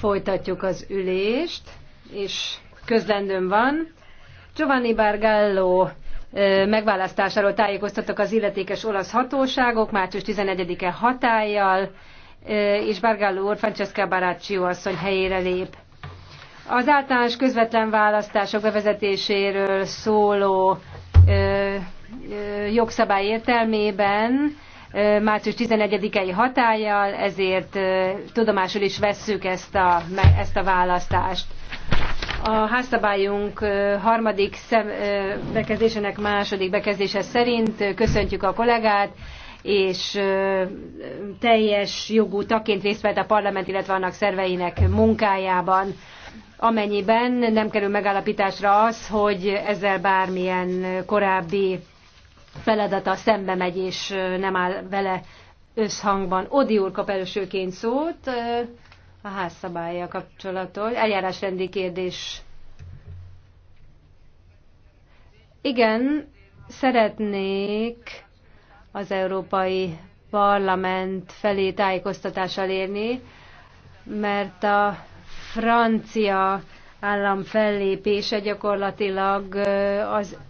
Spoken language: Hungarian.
Folytatjuk az ülést, és közlendőm van. Giovanni Bargallo megválasztásáról tájékoztattak az illetékes olasz hatóságok március 11-e hatállyal, és Bargallo úr Francesca Baraccio asszony helyére lép. Az általános közvetlen választások bevezetéséről szóló jogszabály értelmében március 11-i hatállyal, ezért tudomásul is vesszük ezt a, ezt a választást. A házszabályunk harmadik bekezdésének második bekezdése szerint köszöntjük a kollégát, és teljes jogú taként részt vett a parlament, illetve annak szerveinek munkájában, amennyiben nem kerül megállapításra az, hogy ezzel bármilyen korábbi feladata szembe megy, és nem áll vele összhangban. Odi úr kap elsőként szót a házszabálya kapcsolatot, eljárásrendi kérdés. Igen, szeretnék az Európai Parlament felé tájékoztatással érni, mert a francia állam fellépése gyakorlatilag az